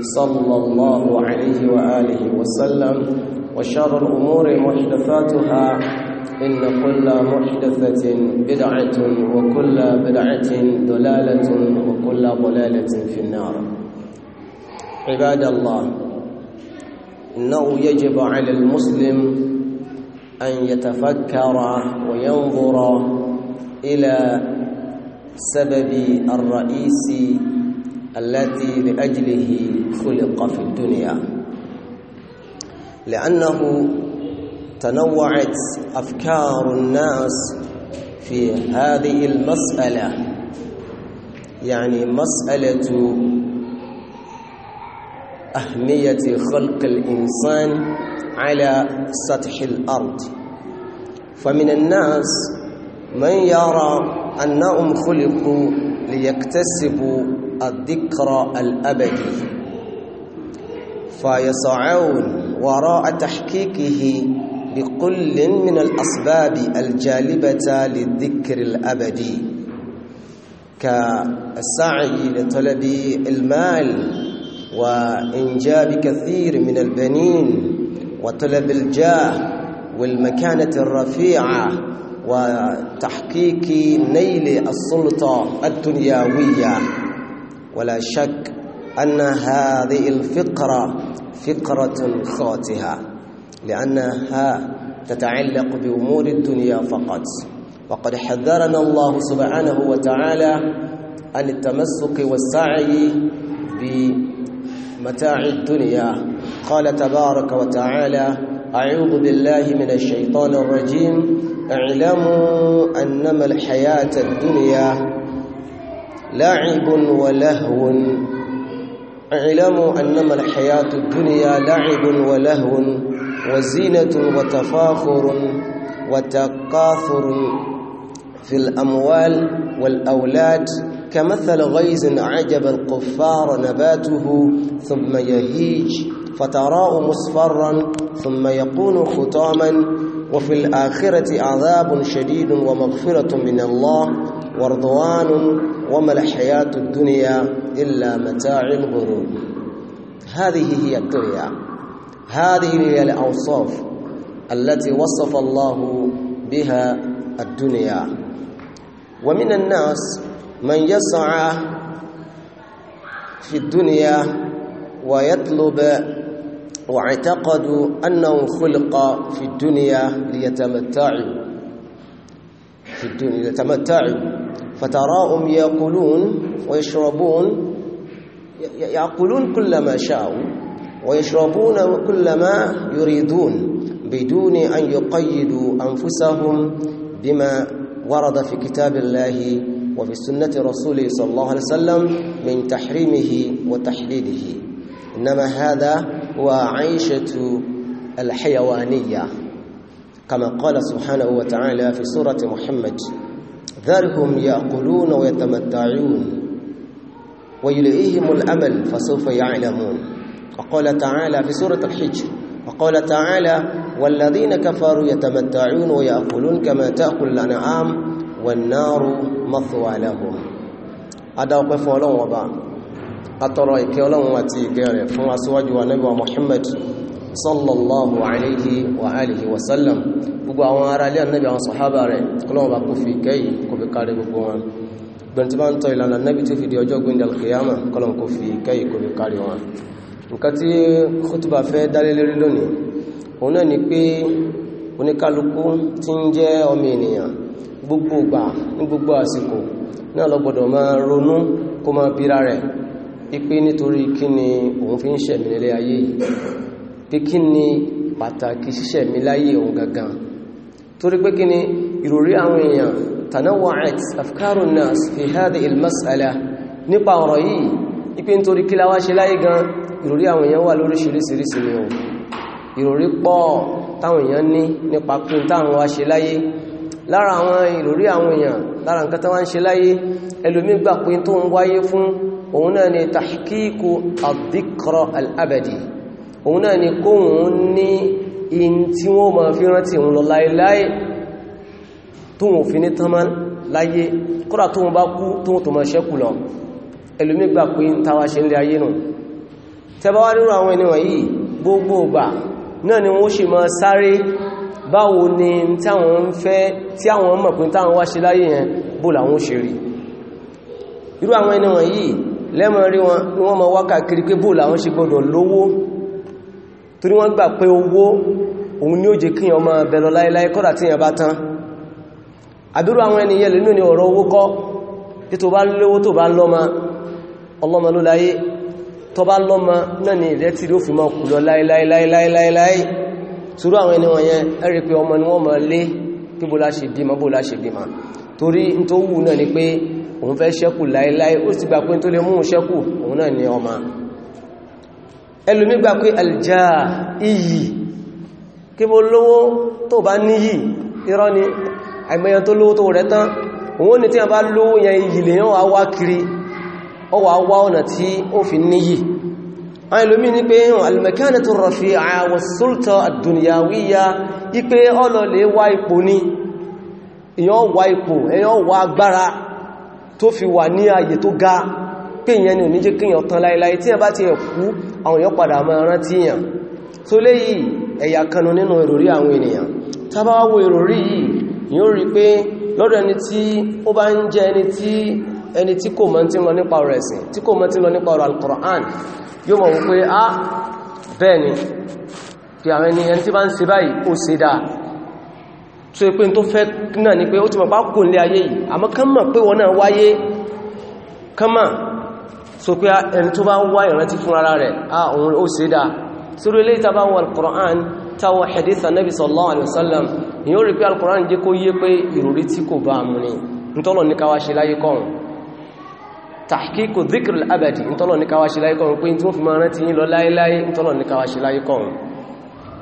صلى الله عليه وآله وسلم وشر الأمور محدثاتها إن كل محدثة بدعة وكل بدعة دلالة وكل ضلالة في النار عباد الله إنه يجب على المسلم أن يتفكر وينظر إلى سبب الرئيسي التي لأجله خلق في الدنيا لأنه تنوعت أفكار الناس في هذه المسألة يعني مسألة أهمية خلق الإنسان على سطح الأرض فمن الناس من يرى أنهم خلقوا ليكتسبوا الذكرى الأبدي فيسعون وراء تحقيقه بكل من الأسباب الجالبة للذكر الأبدي كالسعي لطلب المال وإنجاب كثير من البنين وطلب الجاه والمكانة الرفيعة وتحقيق نيل السلطة الدنيوية ولا شك أن هذه الفقرة فقرة خاتها لأنها تتعلق بأمور الدنيا فقط وقد حذرنا الله سبحانه وتعالى عن التمسك والسعي بمتاع الدنيا قال تبارك وتعالى أعوذ بالله من الشيطان الرجيم اعلموا أنما الحياة الدنيا لعب ولهو اعلموا انما الحياه الدنيا لعب ولهو وزينه وتفاخر وتكاثر في الاموال والاولاد كمثل غيز عجب القفار نباته ثم يهيج فتراه مصفرا ثم يكون خطاما وفي الآخرة عذاب شديد ومغفرة من الله ورضوان وما الحياة الدنيا إلا متاع الغرور هذه هي الدنيا هذه هي الأوصاف التي وصف الله بها الدنيا ومن الناس من يسعى في الدنيا ويطلب واعتقدوا أنهم خلق في الدنيا ليتمتعوا في الدنيا ليتمتعوا فتراهم يأكلون ويشربون يأكلون كل ما شاءوا ويشربون كل ما يريدون بدون أن يقيدوا أنفسهم بما ورد في كتاب الله وفي سنة رسوله صلى الله عليه وسلم من تحريمه وتحليله إنما هذا وعيشة الحيوانية كما قال سبحانه وتعالى في سورة محمد ذرهم يأكلون ويتمتعون ويلئهم الأمل فسوف يعلمون وقال تعالى في سورة الحج وقال تعالى والذين كفروا يتمتعون ويأكلون كما تأكل الأنعام والنار مثوى لهم هذا وقف ولون وبعض atọrọ ìkẹ́ ọlọ́run àti ìkẹ́ rẹ̀ fún aṣíwájú wa nábì wa Muhammad sallallahu alayhi wa alihi wa sallam gbogbo àwọn ará ilé ànábì àwọn sàhábà rẹ̀ ọlọ́run bá kó fi ìkẹ́ yìí kó fi kárí gbogbo wọn gbẹ̀ntí bá ń tọ́ ìlànà ànábì tó fi di ọjọ́ gbogbo gbà ní gbogbo àsìkò náà lọ máa ronú kó máa bíra rẹ̀ ipé nítorí kí ni òun fi ń ṣẹ̀mí nílé ayé yìí pé kí ni pàtàkì ṣíṣẹ̀mí láyé òun gangan torí pé kí ni ìròrí àwọn èèyàn tanawa'at afkarun nas fi hadhihi al-mas'ala nípa ọ̀rọ̀ yìí ipé nítorí kí láwá ṣe láyé gan ìròrí àwọn èèyàn wà lóríṣiríṣiríṣi ni ohun ìròrí pọ̀ táwọn èèyàn ní nípa pín táwọn wá ṣe láyé lára àwọn ìròrí àwọn èèyàn lára nǹkan tó wá ń ṣe láyé ẹlòmí gbà pé tó ń wáyé fún òun náà ni tàkíkù àdíkọrọ al'abadi òun náà ni kóhun ní in tí wọ́n ma fi rántí òun lọ láìláì tó wọ́n fi ní tánmà láyé kọ́rà tó wọ́n bá kú tó wọ́n tó ma ṣẹ́kù lọ ẹlùmígbà pé ń tàwà ṣe ń lè ayé nù irú àwọn ènìyàn yìí lẹ́mọ̀ rí wọn ni wọ́n ma wákà kiri pé bóòlù àwọn ṣe gbọ́dọ̀ lówó torí wọ́n gbà pé owó òun ni ó jẹ́ kíyàn ọmọ bẹ̀lọ láíláí kọ́dà tí yàn bá tán àbúrú àwọn ènìyàn lè ní ọ̀rọ̀ owó kọ́ tí tó bá lówó tó bá lọ́mọ ọlọ́mọ òun fẹ́ ṣẹ́kù láíláí ó sì gbà pé tó lè mú ṣẹ́kù òun náà ni ọmọ ẹlòmí gbà pé alìjá iyì kí mo lówó tó bá níyì irọ́ ni àìmọ̀yàn tó lówó tó rẹ̀ tán òun ni tí a bá lówó yẹn iyì lè yán wá kiri ọ wà wá ọ̀nà tí ó fi níyì àwọn ẹlòmí ní pé al-makanatu rafi'a was-sulta ad-dunyawiyya ipé ọlọ lè wá ipò ni èyàn wá ipò èyàn wá agbára tó fi wà ní ààyè tó ga pé ni ò ní jẹ́ kíyàn tán láìláì tí ẹ bá ti ẹ̀kú àwọn èèyàn padà máa rántí èèyàn tó léyìí ẹ̀yà kanu nínú ìròrí àwọn ènìyàn tàbá wo ìròrí yìí yóò rí pé lọ́dọ̀ ah, ni pé àwọn ẹni ẹni tí bá ń ṣe báyìí ó ṣe so pé tó fẹ́ náà ni pé ó ti mọ̀ pá kò nílé ayé yìí àmọ́ kán mọ̀ pé wọ́n náà wáyé kán mọ̀ so pé ẹni tó bá wá ìrántí fún ara rẹ̀ àwọn ó sì dá sórí ilé ìta bá wọ al-Qur'an táwọ hadith Nabi sallallahu alaihi wasallam ni ó rí pé al-Qur'an jẹ́ kó yé pé ìròrí tí kò bá mú ni nítọ́lọ̀ ní káwá ṣe láyé kọ́rùn tahqiqu dhikril abadi nítọ́lọ̀ ní káwá ṣe láyé kọ́rùn pé tí wọ́n fi máa rántí yín lọ láyé láyé nítọ́lọ̀ ní káwá ṣe láyé kọ́rùn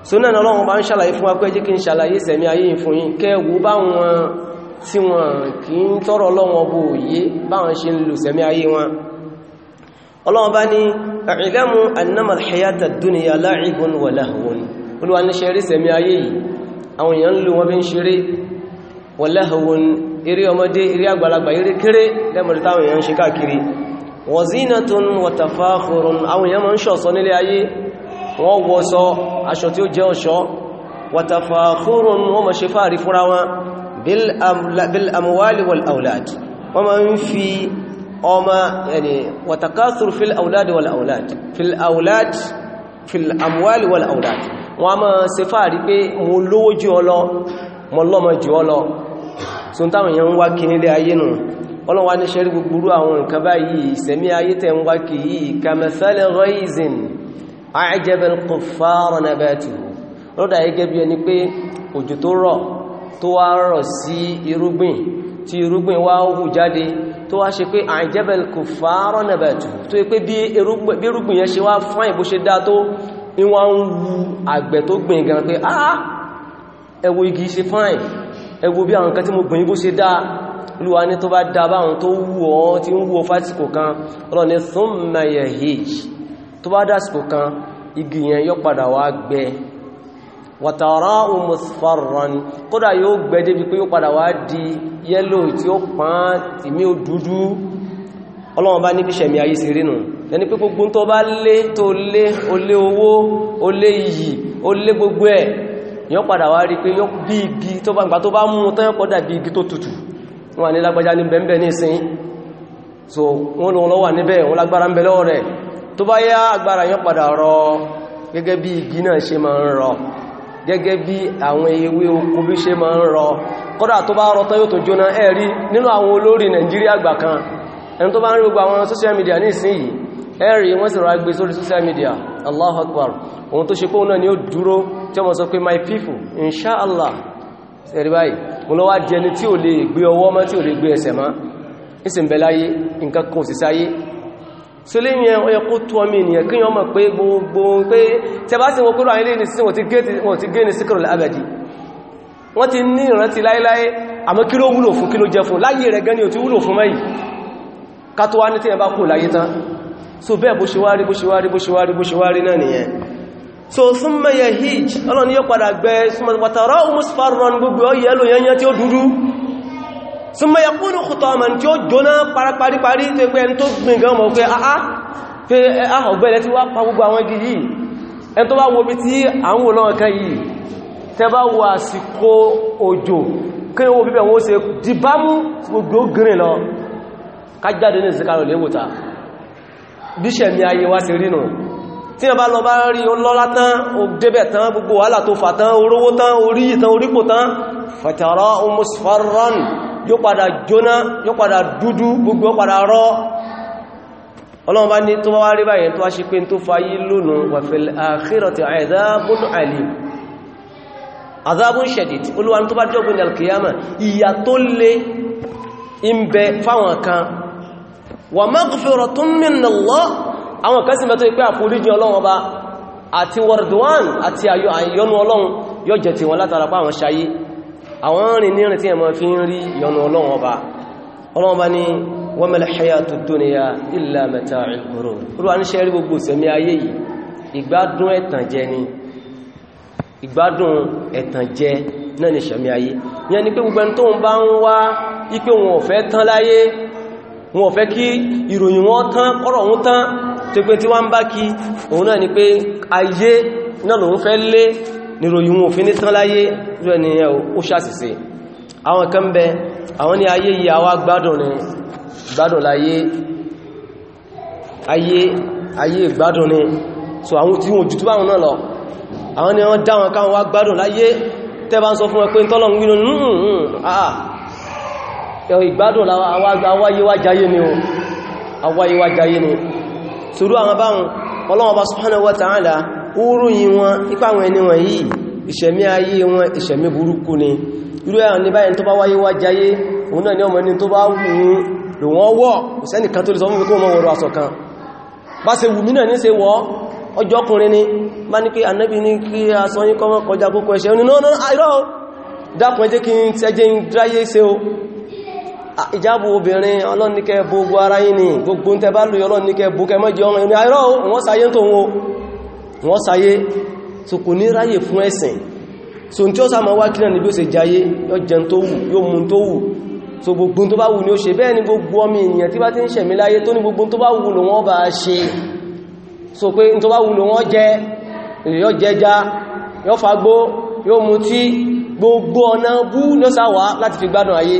sọ́nà ọlọ́run bá ń ṣàlàyé fún wa pé jẹ́ kí n ṣàlàyé ìsẹ̀mí ayé fún yín kẹwò báwọn tí wọn kì ń tọ́rọ ọlọ́run ọbọ̀ òye báwọn ṣe ń lò sẹ̀mí ayé wọn ọlọ́run bá ní i'lamu annama al-hayata ad-dunya la'ibun wa lahwun olúwa ní ṣe rí sẹ̀mí ayé yìí àwọn èèyàn ń wọ́n wọ́sọ aṣọ tí ó jẹ́ ọ̀ṣọ́ watafakhurun wọ́n mọ̀ ṣe fàárí fúnra wọn bil amwali wal aulad wọ́n ma ń fi ọmọ yàní watakathur fil aulad wal aulad fil aulad fil amwali wal aulad wọ́n ma ṣe fàárí pé mo lówó jù ọ mo lọ́mọ jù ọ tún táwọn èèyàn ń wá kí àìjẹ́bẹ̀l kò fàárọ̀ nẹ́bẹ̀tù lọ́dà gẹ́gẹ́ bí ẹni pé òjò tó rọ̀ tó wá rọ̀ sí irúgbìn tí irúgbìn wá hù jáde tó wá ṣe pé àìjẹ́bẹ̀l kò fàárọ̀ nẹ́bẹ̀tù tó yẹ pé bí irúgbìn yẹn ṣe wá fáìn bó ṣe dá tó ìwọ̀n ń wu àgbẹ̀ tó gbìn gan pé ah, ah ẹ igi ṣe fáìn ẹ bí àwọn nǹkan tí mo gbìn bó ṣe dá olúwa ní tó bá dá báwọn tó wù ọ́ tí ń wù ọ fásitì kò kan ọlọ́ni thumma yahij tó bá dásìkò kan igi yẹn yóò padà wá gbẹ watara'u musfarran kódà yóò gbẹ débi pé yóò padà wá di yẹ́lò tí ó pán tìmí ó dúdú ọlọ́wọ́n bá níbi ṣẹ̀mí ayé sí rínú ẹni pé gbogbo tó bá lé tó lé ó lé owó ó lé iyì ó lé gbogbo ẹ̀ yóò padà wá rí pé yóò bí igi tó bá gbà tó yóò kódà bí igi tó ni lágbájá ní so wọn lọ́wọ́ níbẹ̀ wọn lágbára ń tó bá yá agbára yán padà rọ gẹ́gẹ́ bí igi náà ṣe máa ń rọ gẹ́gẹ́ bí àwọn ewé oko bí ṣe máa ń rọ kódà tó bá rọ tán yóò tó jóná ẹ̀rí nínú àwọn olórí Nàìjíríà gbà kan ẹni tó bá ń rí gbogbo àwọn social media ní ìsinyìí ẹ̀rí wọ́n sì rọ agbé sórí social media Allah Akbar ohun tó ṣe pé náà ni ó dúró tí wọ́n sọ pé my people inshallah ẹ̀rí báyìí mo lọ wá di ẹni tí ò lè gbé ọwọ́ mọ́ tí ò lè so lè yẹn ó yẹ kó tó ọmọ ènìyàn kí yọ́n mọ̀ pé gbogbo pé tẹ bá sí wọn kúrò àyílé ní sí wọ́n ti gé ní síkọ̀rọ̀ lágbàjì wọ́n ti ní ìrántí láíláí àmọ́ kí ló wúlò fún kí ló jẹ fún láyé rẹ̀ gẹ́ni ò ti wúlò fún mẹ́yìn ká tó wá súnmọ́ yakúnù kùtọ́mà tí ó jóná parapari tó pé ẹni tó gbìn gan mọ̀ pé àá pé àà eh, ah, ọ̀gbẹ̀lẹ̀ tí wá pa gbogbo àwọn igi yìí ẹni tó bá wo bí tí àwọn olóǹkan yìí tẹ bá wo àsìkò òjò kí wo bíbẹ̀ wọ́n ṣe dìbámú gbogbo gírin lọ kájáde ní ìsìnkàrò léwòta tí a lọ bá rí ọlọ́lá tán o tán gbogbo wàhálà tó fà tán orówó tán oríyì tán orípò tán fàtàrà musfarran yóò padà jóná yóò padà dúdú gbogbo padà rọ́ ọlọ́run bá ní tó wá rí báyìí tó wá ṣe pé tó fayí lónà wa fil akhirati adhabun alim adhabun shadid olúwa tó bá jọ́gbìn alkiyama ìyà tó lé ń bẹ fáwọn kan wa maghfiratun minallah àwọn kan sì mẹ́tọ́ ipé àforíjì ọlọ́run ọba àti warduwan àti àyọnu ọlọ́run yóò jẹ ti wọn látara pa ṣayé àwọn rìn ní rìn tí ẹmọ fi ń rí yọnu ọlọ́run ọba ọlọ́run ọba ní wa mal hayatud dunya illa mata'ul ghurur olúwa ní ṣẹ́rí gbogbo ìsẹ̀mí ayé yìí ìgbádùn ẹ̀tànjẹ ni ìgbádùn ẹ̀tànjẹ náà ni ṣẹ̀mí ayé yẹn ni pé gbogbo ẹni tó ń bá níròyìn wọn òfin ní tán láyé rẹ̀ ni ó ṣàṣìṣe àwọn kan bẹ àwọn ní ayé yìí àwa gbádùn ni gbádùn láyé ayé ayé gbádùn ni so àwọn tí wọ́n jùtú báwọn náà lọ àwọn ni wọ́n dáwọn káwọn wá gbádùn láyé tẹ́bá ń sọ fún hmm, hmm, hmm, ah, ah. ẹ pé tọ́lọ̀ ń gbínú ìgbádùn àwáyéwájáyé ni oróyìn wọn ipá àwọn ẹni wọn yìí ìṣẹ̀mí ayé wọn ìṣẹ̀mí burúkú ni irú ẹ̀rùn ní báyìí tó bá wáyé wá jayé òun náà ni ọmọ ẹni tó bá wùn lò wọ́n wọ́ ìsẹ́nìkan tó lè sọ fún ọmọ wọ̀rọ̀ aṣọ ni bá ní pé ànábì ní kí aṣọ yín kọ́mọ́ kọjá kókó ẹ̀ṣẹ̀ ní náà náà àìrọ́ dákùn ẹjẹ́ ìjábò obìnrin ọlọ́nìkẹ́ gbogbo ara yìí ni gbogbo ń tẹ bá lóyọ ọlọ́nìkẹ́ bókẹ mọ́jọ ọmọ ìrìn àìrọ́ òun sáyé tó wọn wọ́n sáyé so kò ní ráyè fún ẹ̀sìn so tí ó sáàmà wá kílẹ̀ ní bí ó ṣe jayé yóò jẹun tó wù yóò mú tó wù so gbogbo tó bá wù ní ó ṣe bẹ́ẹ̀ ni gbogbo ọmọ ènìyàn tí bá ti ń ṣẹ̀mí láyé tó ní gbogbo tó bá wù lò wọ́n bá ṣe so pé tó bá wù lò wọ́n jẹ yóò jẹja yóò fagbó yóò mú tí gbogbo ọ̀nà bú lọ́sàwá láti fi gbádùn ayé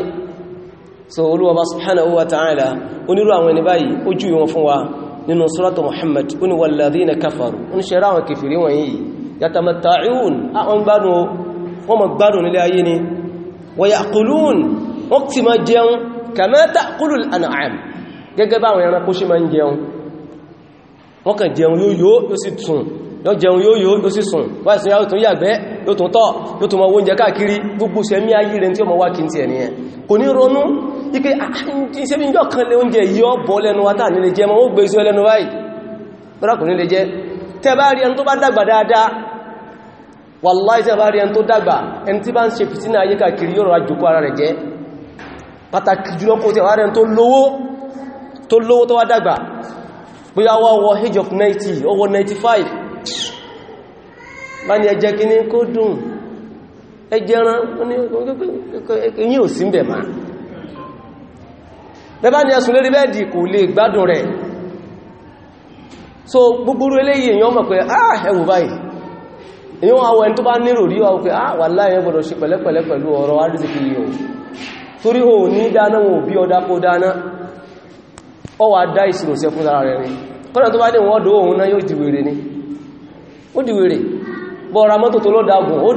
so Olúwa subhanahu wa ta'ala onírú àwọn ẹni báyìí ojú ìwọ̀n fún wa nínú suratu Muhammad ó ní walladhina kafaru ó ní ṣẹ́rá àwọn kèfèrí wọ̀nyí yatamatta'un àwọn gbádùn wọ́n mọ̀ gbádùn nílé ayé ni wa ya'kulun wọ́n ti ma jẹun kama ta'kulul an'am gẹ́gẹ́ bá àwọn ẹranko ṣe ma ń jẹun wọ́n kàn jẹun yóò yóò sì tún yóò jẹun yóò yóò yóò ike ìṣẹ́bí ìjọ kan lè oúnjẹ yọ bọ́ lẹ́nu wátà nílé jẹ mọ́ ó gbé iṣẹ́ lẹ́nu báyìí bọ́rákùn nílé jẹ tẹ bá rí ẹni tó bá dàgbà dáadáa wàláì tẹ bá rí ẹni tó dàgbà ẹni tí bá ń ṣe fìtínà ayé kàkiri yóò rà ara rẹ̀ jẹ́ pàtàkì jùlọ kó tẹ wá rẹ̀ tó lówó tó lówó tó wá dàgbà age of 90 over 95 bá ní bẹ́bá ni ẹsùn lérí bẹ́ẹ̀dì kò lè gbádùn rẹ̀ so gbogbo eléyìí èyàn mọ̀ pé ah ẹwù báyìí èyàn àwọn ẹni tó bá nírò rí wọ́n pé ah wà láyé gbọdọ̀ ṣe pẹ̀lẹ́pẹ̀lẹ́ pẹ̀lú ọ̀rọ̀ arísìkì yìí o ní bí dáná ọ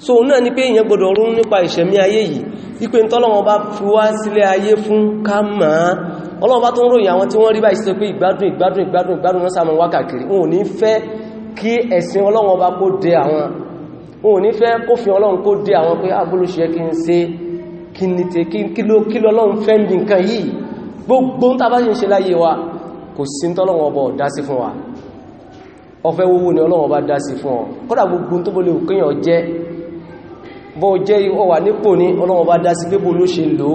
so náà ni pé èyàn gbọdọ̀ rún nípa ìṣẹ̀mí ayé yìí wípé tọ́lọ́wọ́n bá fi wá sílé ayé fún ká máa ọlọ́wọ́n bá tó ń ròyìn àwọn tí wọ́n rí báyìí sọ pé ìgbádùn ìgbádùn ìgbádùn ìgbádùn wọ́n sáàmù wákàkiri wọn ò ní fẹ́ kí ẹ̀sìn ọlọ́wọ́n bá kó dé àwọn wọn ò ní fẹ́ kó fi ọlọ́run kó dé àwọn pé abúlóṣẹ́ ah, kí n ṣe kí ni tè kí ló kí lọ́lọ́run fẹ́ ń bí nǹkan yìí gbogbo ń tàbá ṣe ń ṣe láyé wa kò sí ń tọ́lọ́wọ́n ọba ọ̀dá sí fún wa ọfẹ́ wówó ni ọlọ́run ọba dá sí fún ọ kódà gbogbo tó bó lè òkèèyàn jẹ́ bó jẹ́ ó wà nípò ní ọlọ́run bá dá sí pébò ló ṣe lò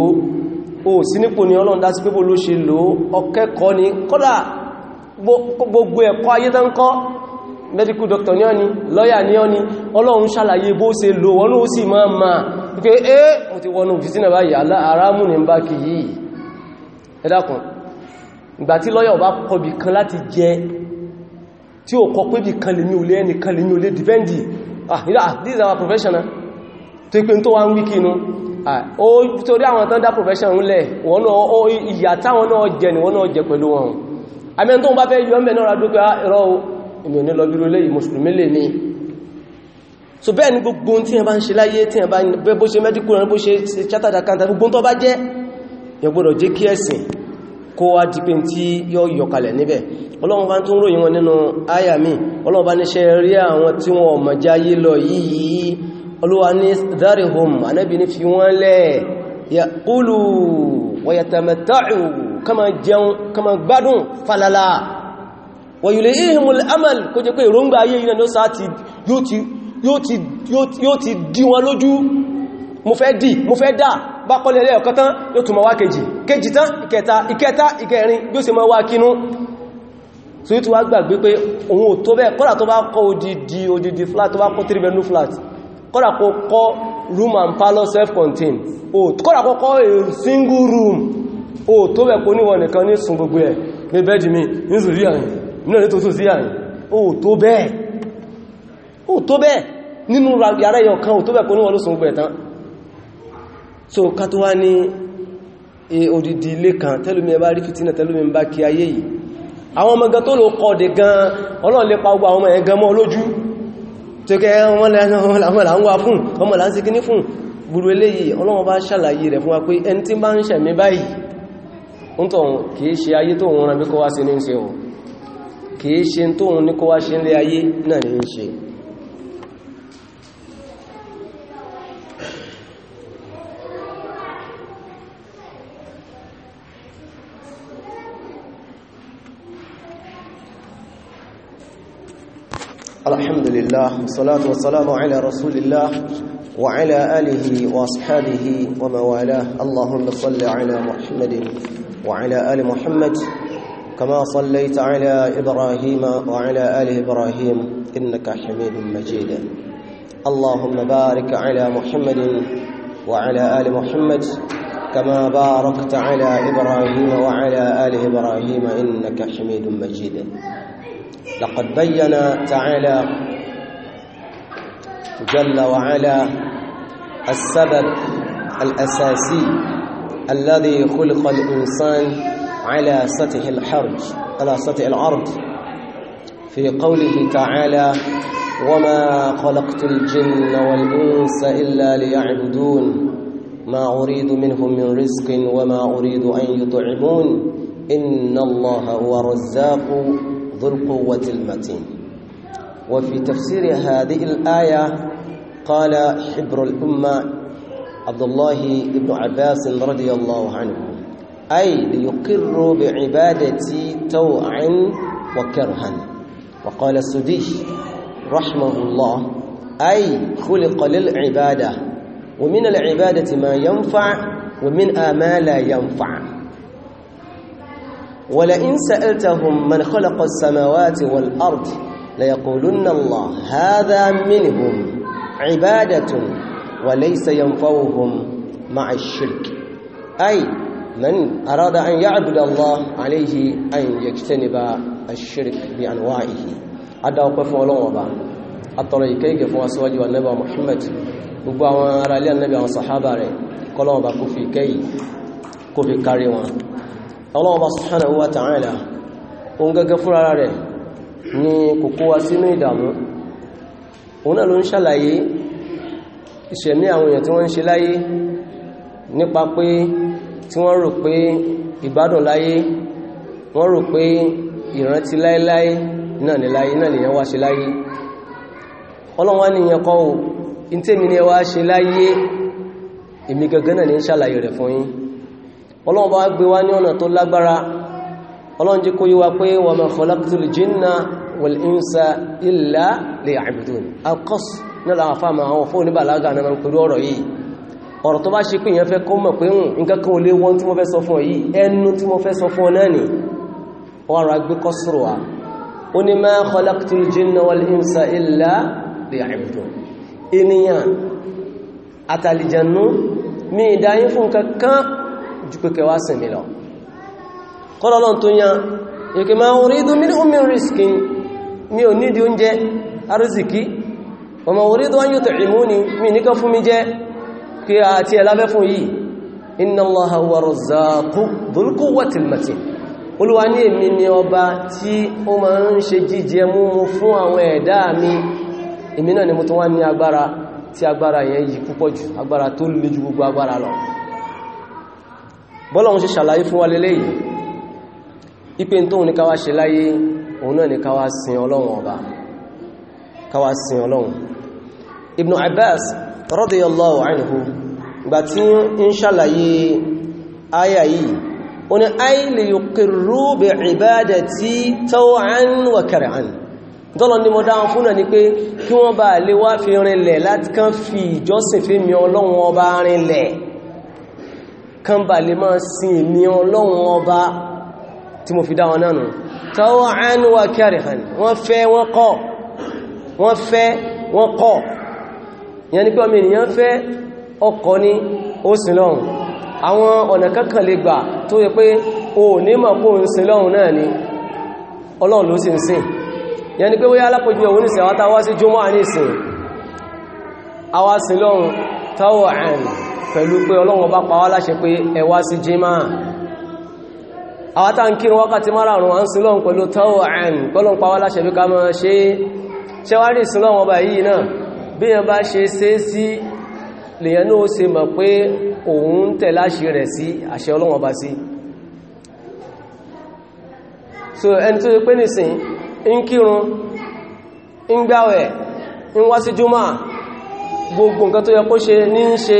ó sí nípò ní ọlọ́run dá sí pébò ló ṣe lò ó ọkẹ́kọ́ ní kọ́dà gbogbo ẹ̀kọ́ ayé tán kọ́ medical doctor ní ọ́ni lọ́yà ní ọ́ni ọlọ́run ṣàlàyé bó ṣe lò wọ́n ó ma pé é mo ti wọnú fìtínà báyìí aráàmù ní bá kì yìí ẹ dákun ìgbà tí lọ́yà ọba kọbì kan láti jẹ tí ó kọ pébì kan lè ní olé ah these are our professional tó ipin tó wá ń wíkí inú torí àwọn tán dá profession ń lẹ̀ ìyà táwọn náà jẹ ni wọ́n náà jẹ pẹ̀lú wọn amẹ́n tó ń bá fẹ́ yọ mẹ́ náà rádúkẹ́ ẹ̀rọ ìmì òní lọ bíró léyìí mùsùlùmí lè ní so bẹ́ẹ̀ ni gbogbo tí ẹ bá ń ṣe láyé tí ẹ bá bó ṣe mẹ́díkù rẹ̀ bó ṣe chátàdà ọlọ́run bá ń tún ròyìn wọn nínú àyà ọlọ́run bá níṣẹ́ rí àwọn tí wọn ọmọ jáyé lọ yìí olúwa ní dharihum anábi ní fi wọ́n lẹ́ yaqulu wa yatamatta'u kama jẹun kama gbádùn falala wa yulayhimul amal kó jẹ́ pé ìróngbà ayé yìí náà sáà ti yóò ti dí wọn lójú mo fẹ́ dì mo fẹ́ dà bá kọ́lẹ̀ ilẹ̀ ọ̀kan tán yóò tún ma wá kejì kejì tán ìkẹta ìkẹta ìkẹrin yóò ṣe ma wá kínú so yóò tún wá gbàgbé pé òun ò tó bẹ́ẹ̀ kọ́lá tó bá kọ́ odidi odidi flat tó bá kọ́ 3 bedroom flat kọ́dà kó kọ́ room and parlor self-contained kọ́dà kó kọ́ a single room o tó bẹ̀ kó níwọ̀n nìkan ní sùn gbogbo ẹ̀ ní bẹ́ẹ̀dì mi ní sùn rí àyìn náà ní tó sùn sí àyìn o tó bẹ́ẹ̀ o tó bẹ́ẹ̀ nínú yàrá ẹyọ kan o tó bẹ̀ kó níwọ̀n ló sùn gbogbo ẹ̀ tán so ká tó wá ní e, odidi ilé kan tẹ́lùmí ẹ bá rí fìtínà tẹ́lùmí ń bá kí ayé yìí àwọn ọmọ gan tó lò kọ́ dẹ̀ gan ọlọ́ọ̀lẹ́pa gbogbo àwọn ọmọ ẹ̀ gan mọ́ lójú tó kẹ́ ọmọlà ń wá fún ọmọlà ń sí kíní fún gbogbo eléyìí Ọlọ́run bá ṣàlàyé rẹ̀ fún wa pé ẹni tí bá ń ṣẹ̀mí báyìí ń tọ̀ kìí ṣe ayé tó wọn rán bí kọwá sí ní ṣe ọ̀ kìí ṣe tó wọn ní kọwá ṣe ń lé ayé الحمد لله والصلاة والسلام على رسول الله وعلى آله وأصحابه وموالاه اللهم صل على محمد وعلى آل محمد كما صليت على إبراهيم وعلى آل إبراهيم إنك حميد مجيد اللهم بارك على محمد وعلى آل محمد كما باركت على إبراهيم وعلى آل إبراهيم إنك حميد مجيد لقد بين تعالى جل وعلا السبب الأساسي الذي خلق الإنسان على سطح الحرج على سطح العرض في قوله تعالى وما خلقت الجن والإنس إلا ليعبدون ما أريد منهم من رزق وما أريد أن يطعمون إن الله هو الرزاق ذو القوة المتين وفي تفسير هذه الآية قال حبر الأمة عبد الله بن عباس رضي الله عنه أي ليقروا بعبادتي توعا وكرها وقال السدي رحمه الله أي خلق للعبادة ومن العبادة ما ينفع ومن ما لا ينفع ولئن سألتهم من خلق السماوات والأرض ليقولن الله هذا منهم عبادة وليس ينفوهم مع الشرك أي من أراد أن يعبد الله عليه أن يجتنب الشرك بأنواعه أدى وقف ولو أبا أطري كيك فواسواج النبي محمد وقوة أرى النبي وصحابه قلوا بكفي كي كفي كاريوان Allah subhanahu wa ta'ala òun gẹ́gẹ́ fúnra rẹ̀ ní kòkó wa sínú ìdàmú òun náà ló ń ṣàlàyé ìṣẹ̀mí àwọn èèyàn tí wọ́n ń ṣe láyé nípa pé tí wọ́n rò pé ìgbádùn láyé wọ́n rò pé ìrántí láéláé láyé náà ní láyé náà ní ọlọ́run bá gbé wá ní ọ̀nà tó lágbára ọlọ́run jí kó yí wa pé wa ma khalaqtul jinna wal insa illa liya'budun akọ́s nílò àfàmà àwọn fóònù bàlágà náà ń pẹ̀lú ọ̀rọ̀ yìí ọ̀rọ̀ tó bá ṣe pé èèyàn fẹ́ kó mọ̀ pé hmm, nǹkan kan ò lé wọ́n tí mo ní ìdáyín fún kankan ju pé kẹwàá sìn mi lọ kọ́lọ́lọ́ tó yán èkè máa orí idú mi omi rìsíkì mi ò nídi oúnjẹ arìsìkí ọmọ orí idú wáyé tó ìmú ni mi ní ká fún mi jẹ kí a ti ẹ̀ fún yìí inna allaha huwa agbára yẹn yìí púpọ̀ jù agbára tó lè ju gbogbo agbára lọ bọ́lọ̀un ṣe ṣàlàyé fún wa lélẹ́ yìí ipé tó ní káwà ṣe láyé òun náà ni káwà sin ọlọ́run ọba káwà sin ọlọ́run Ibn Abbas radiyallahu anhu gbà tí ń ṣàlàyé ayà yìí ó ní ay li yuqirru bi ibadati taw'an wa karhan tọ́lọ ní mo dáhùn fún ni pé lè wá fi rinlẹ̀ láti kán fi ìjọsìn fi kán bà lè máa sin èmi ọlọ́run ọba tí mo fi dá wọn nánú tàwọ́ àánúwà kẹrìhàn wọ́n fẹ́ wọ́n kọ̀ wọ́n fẹ́ wọ́n kọ̀ ìyẹn ni pé ọmọ ènìyàn fẹ́ ọkọ̀ ní ó sin lọ́run àwọn ọ̀nà kankan lè gbà tó yẹ pé o ní mọ̀ kó ń sin lọ́run náà ni ọlọ́run ló sì ń sìn ìyẹn ni pé wọ́n yá alápòjú ẹ̀wọ́n ní sẹ̀wátá wá sí jùmọ́ àníṣìn àwá sin lọ́run tàwọ̀ pẹ̀lú pé ọlọ́run bá pa wá láṣẹ pé ẹ wá sí jímá àwátá ń kírun wákàtí márààrún à ń sin lọ́run pẹ̀lú tawa'an pọ́lọ́n pa wá láṣẹ bí ká mọ́ ṣe ṣẹwárí sin lọ́run ọba yìí náà bí yẹn bá ṣe ṣe sí lèyàn náà ṣe mọ̀ pé òun gbogbo nǹkan tó yẹ kó ṣe ní ṣe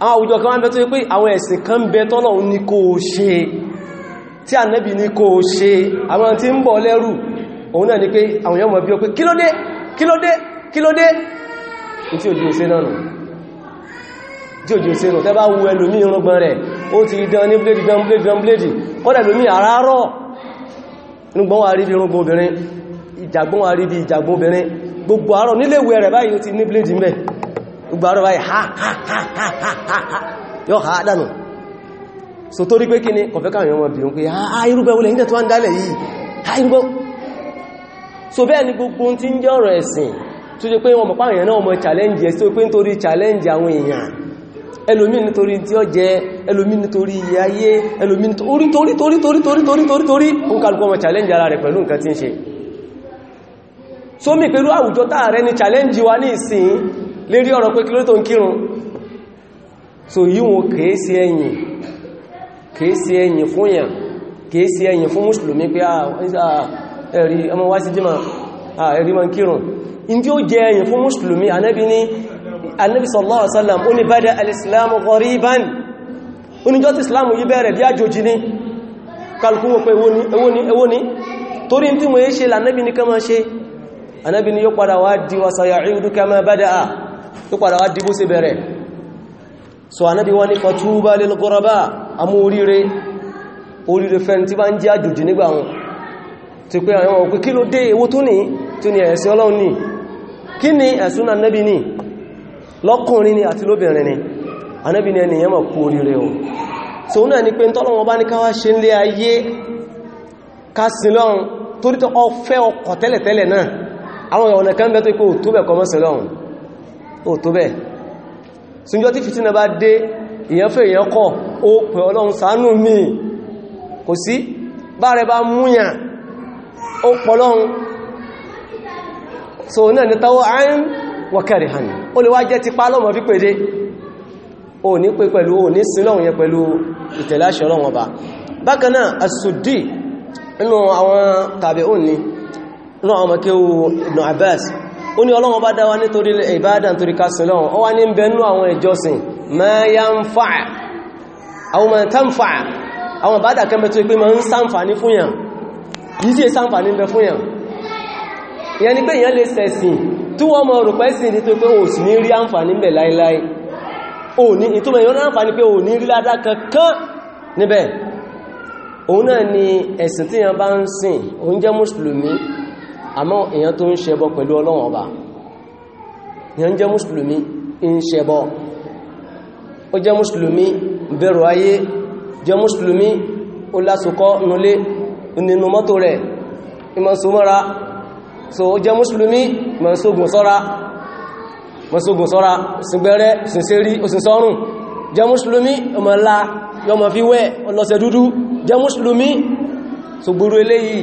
àwọn àwùjọ kan wọ́n bẹ tó pé àwọn ẹ̀sìn kan bẹ tọ́lọ̀ ní kó ṣe tí ànẹ́bì ní kó ṣe àwọn tí ń bọ̀ lẹ́rù òun náà ni pé àwọn èèyàn mọ̀ bí ó pé kílódé kílódé kílódé tí ò jíun sí náà nù tí ò jíun sí náà tẹ́bá wu ẹlòmí irúgbọn rẹ̀ ó ti dán ní bléèdì dán bléèdì dán bléèdì kọ́dẹ̀ lómí àrárọ̀ irúgbọn wa rí bí irúgbọn obìnrin ìjàgbọn wa rí bí ìjàgbọn obìnrin gbàrọ̀ báyìí ha ha ha ha ha ha yóò ha dánù so torí pé kí ni kọ̀fẹ́ káwọn èèyàn bìí pé ha irúgbẹ́ wọlé ìdẹ̀ tó wá ń dálẹ̀ yìí ha irúgbẹ́ so bẹ́ẹ̀ ni gbogbo tí ń jẹ́ ọ̀rọ̀ ẹ̀sìn tó jẹ́ pé wọ́n mọ̀pá èèyàn náà mọ̀ challenge ẹ̀ sí pé nítorí challenge àwọn èèyàn ẹlòmíì nítorí tí ó jẹ ẹlòmíì nítorí iye ayé ẹlòmíì nítorí torí torí torí torí torí torí torí ń kálukọ́ mọ̀ challenge ara rẹ̀ pẹ̀lú nǹkan tí ń ṣe so mi pẹ̀lú àwùjọ táàrẹ ni challenge wa ní ìsìn lérí ọ̀rọ̀ pé kí ló tó ń kírun so yíwọn kìí sí ẹ̀yìn kìí sí ẹ̀yìn fún yàn kìí sí ẹ̀yìn fún mùsùlùmí pé ah, ah, ẹ̀rí ọmọ wá sí jímọ̀ ah, ẹ̀rí mọ́ kírun in tí ó jẹ ẹ̀yìn fún mùsùlùmí anẹ́bí ní anẹ́bí sallallahu alaihi wasallam ó ní bada al-islamu ghariban oníjọ́ tí islamu yí bẹ̀rẹ̀ mo yé ṣe lànẹ́bí kama ṣe anẹ́bí ní yóò padà wá díwasa ya'idu kama bada'a tó padà wá dìbò sí bẹ̀rẹ̀ so anábi wọ́n ní fatuba lil ghuraba amú oríire oríire fẹ́ni tí bá ń jẹ́ àjòjì nígbà wọn ti pé àwọn òpin kí ló dé ewó tó ní tó ní ẹ̀sìn ọlọ́run ní kí ni ẹ̀sùn anábi ní lọ́kùnrin ni àti lóbìnrin ni anábi ni ẹniyàn mọ̀ kú so náà ni pé tọ́lọ́wọ́ bá ní káwá ṣe ń lé ayé kásìlọ́run torítọ́ ọfẹ́ ọkọ̀ tẹ́lẹ̀tẹ́lẹ̀ náà àwọn ọ̀nà kan bẹ́ tó ikú tó bẹ̀kọ́ mọ́sílọ́run ó tó bẹ́ẹ̀ súnjọ́ tí fìtínà bá dé èyàn fẹ́ èyàn kọ́ ó pẹ̀ ọlọ́run ṣàánú mi kò sí bá rẹ bá múyàn ó pọ̀lọ́run so náà ni tawọ́ àárín wọ̀kẹ̀rẹ̀ hàn ó lè wá jẹ́ ti pálọ́mọ̀ fi pèdé ò ní pé pẹ̀lú ò ní sílọ́run yẹ pẹ̀lú ìtẹ̀láṣẹ́ ọlọ́run ọba bákanáà asùdí inú àwọn tàbí ó ní ọlọ́run bá dáwà nítorí ìbádà nítorí kásùn lọ́wọ́ ó wá ní ń bẹnú àwọn ìjọsìn ma yanfa' aw ma tanfa' àwọn ìbádà kẹ́mẹ́ tó pé ma ń ṣàǹfààní fún yàn yìí sí ṣàǹfààní bẹ fún yàn ìyẹn ni pé èyàn lè sẹ̀sìn tí wọ́n mọ̀ rò pẹ́sìn ní tó pé ò sí ní rí àǹfààní bẹ̀ láíláí ò ní ìtumọ̀ ìyọ́n láǹfààní pé ò ní rí ládá kankan níbẹ̀ òun náà ni ẹ̀sìn tí yàn bá ń sìn òun jẹ́ mùsùlùmí àmọ́ èyàn tó ń ṣẹbọ pẹ̀lú ọlọ́wọ̀n ọba èyàn jẹ́ mùsùlùmí ń ṣẹbọ ó jẹ́ mùsùlùmí bẹ̀rù ayé jẹ́ mùsùlùmí ó lásùkọ́ nulé nínú mọ́tò rẹ̀ ìmọ̀sùmọ́ra so ó jẹ́ mùsùlùmí mọ̀sógùn sọ́ra sígbẹ́rẹ́ sínsẹ́rí òsìnsọ́rùn jẹ́ mùsùlùmí ọmọ ńlá yọmọ fi wẹ́ ọlọ́sẹ̀ dúdú jẹ́ mùsùlùmí so gbúrú eléyìí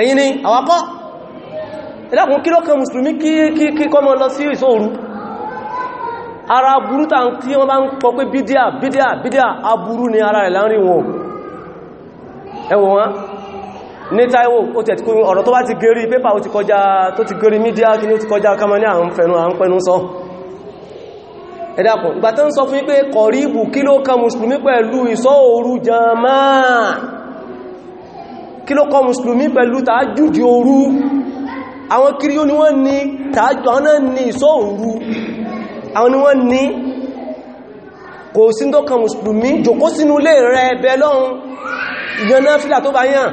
ẹ̀yin ni àwapọ́ ẹ̀dàkùn kí lọ́kàn mùsùlùmí kí kọ́ mọ́ lọ sí ìṣòru ara burú tàn tí wọ́n bá ń pọ̀ pé bídíà bídíà bídíà aburú ni ara rẹ̀ láàrin wọn ẹwọ wọn ní Táíwò ó tẹ̀ tí ọ̀rọ̀ tó bá ti gẹ̀rí pépà ó ti kọjá tó ti gẹ̀rí mídíà kí ní ó ti kọjá kama ní àwọn fẹ̀nu à ń pẹnu sọ ẹ̀dàkùn ìgbà tó ń sọ fún pé kọ̀rí ibù kí ló kan mùsùlùmí pẹ̀lú ìṣọ́ òru jàmáà kí ló kọ́ musulmi pẹ̀lú tàájúdì òru àwọn kìríyó ni wọ́n ní tàájú àwọn náà ní ìṣọ́ òru àwọn ni wọ́n ní kò sí tó kan musulmi jòkó sínú lè rẹ ẹ̀bẹ̀ lọ́hun ìyanáfílà tó bá yàn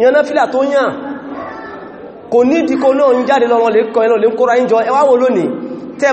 ìyanáfílà tó yàn kò ní ìdíkò náà ń jáde lọ́wọ́ lè kọ́ ẹlọ́ lè kóra ìjọ ẹwà wo lónìí tẹ́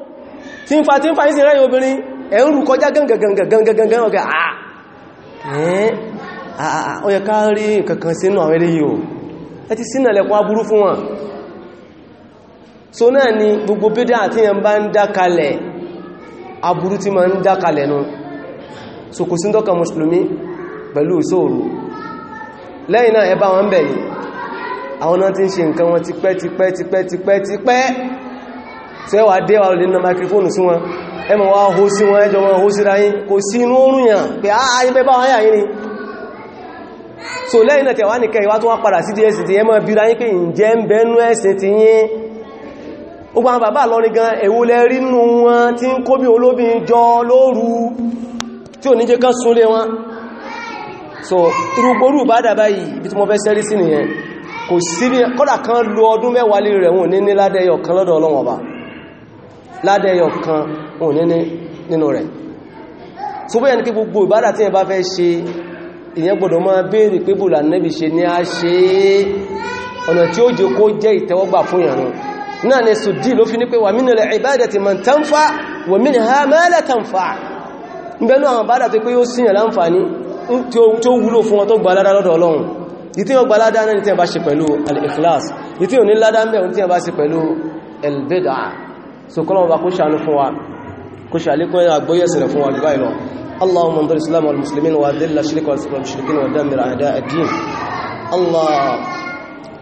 tí ń fa tí ń fa ìsìn rẹ̀yìn obìnrin ẹ̀ ń rù kọjá gangangangangangangan ọ̀gá àà ó yẹ ká rí kankan sínú àwọn eléyìí o ẹ ti sínà lẹ́kọ́ aburú fún wọn so náà ni gbogbo bídá àti yẹn bá ń dákalẹ̀ aburú tí ma ń dákalẹ̀ nù so kò síndọ́ka mùsùlùmí pẹ̀lú ìṣòro lẹ́yìn náà ẹ bá wọn bẹ̀ ni àwọn náà ti ń ṣe nǹkan wọn tipẹ́ tipẹ́ tipẹ́ tipẹ́ tipẹ́ sẹ́wà dẹ́wà lè na microphone sí wọn ẹmọ̀ wá hó sí wọn ẹjọ wọn hó síra yín kò sí inú oòrùn yàn pé ayébẹ́ ah, ah, bá wáyà yìí ni so lẹ́yìn náà tẹ̀wà nìkẹ́ ìwá tó wá padà sí dsc ti ẹmọ̀ bíra yín pé ǹjẹ́ ń bẹnu ẹ̀sìn ti yín gbogbo àwọn bàbá lọrin gan èwo lẹ rí nù wọn tí ń kóbi olóbin jọ lóru tí ò ní jẹ́ kán súnlé wọn so irúgbórú bá dàbá yìí ibi tí mo fẹ́ sẹ́rí sí nìyẹn kò sí bí kọ́dà kan lo ọdún mẹ́wàá lè rẹ̀ wọn ní níládẹ́yọ̀ kan lọ́dọ̀ ọlọ́wọ̀n ládẹ́yọ kan òun ní nínú rẹ̀ tó bóyẹ̀ ní kí gbogbo ìbádà tí yẹn bá fẹ́ ṣe ìyẹn gbọ́dọ̀ máa béèrè pé bùlà nẹ́bì ṣe ní a ṣe ọ̀nà tí ó jẹ́ kó jẹ́ ìtẹ́wọ́gbà fún ìrìn náà ni sùdí ló fi ní pé wà mínú lẹ̀ ìbádà ti man tánfà wà mínú ha mẹ́lẹ̀ tánfà ìbẹ̀nú àwọn bádà tó pé yóò síyàn láǹfààní tí ó wúlò fún wọn tó gbà ládá lọ́dọ̀ Ọlọ́run ìtí yóò gbà ládá náà ní tí a bá ṣe pẹ̀lú al-ikhlas ìtí yóò ní ládá mẹ́ so kọ́lọ̀ ọba kó ṣàánú fún wa kó ṣàlékún àgbóyẹ̀sìn fún wa jù báyìí lọ اللهم انظر الاسلام والمسلمين واذل الشرك والمشركين ودمر اعداء الدين الله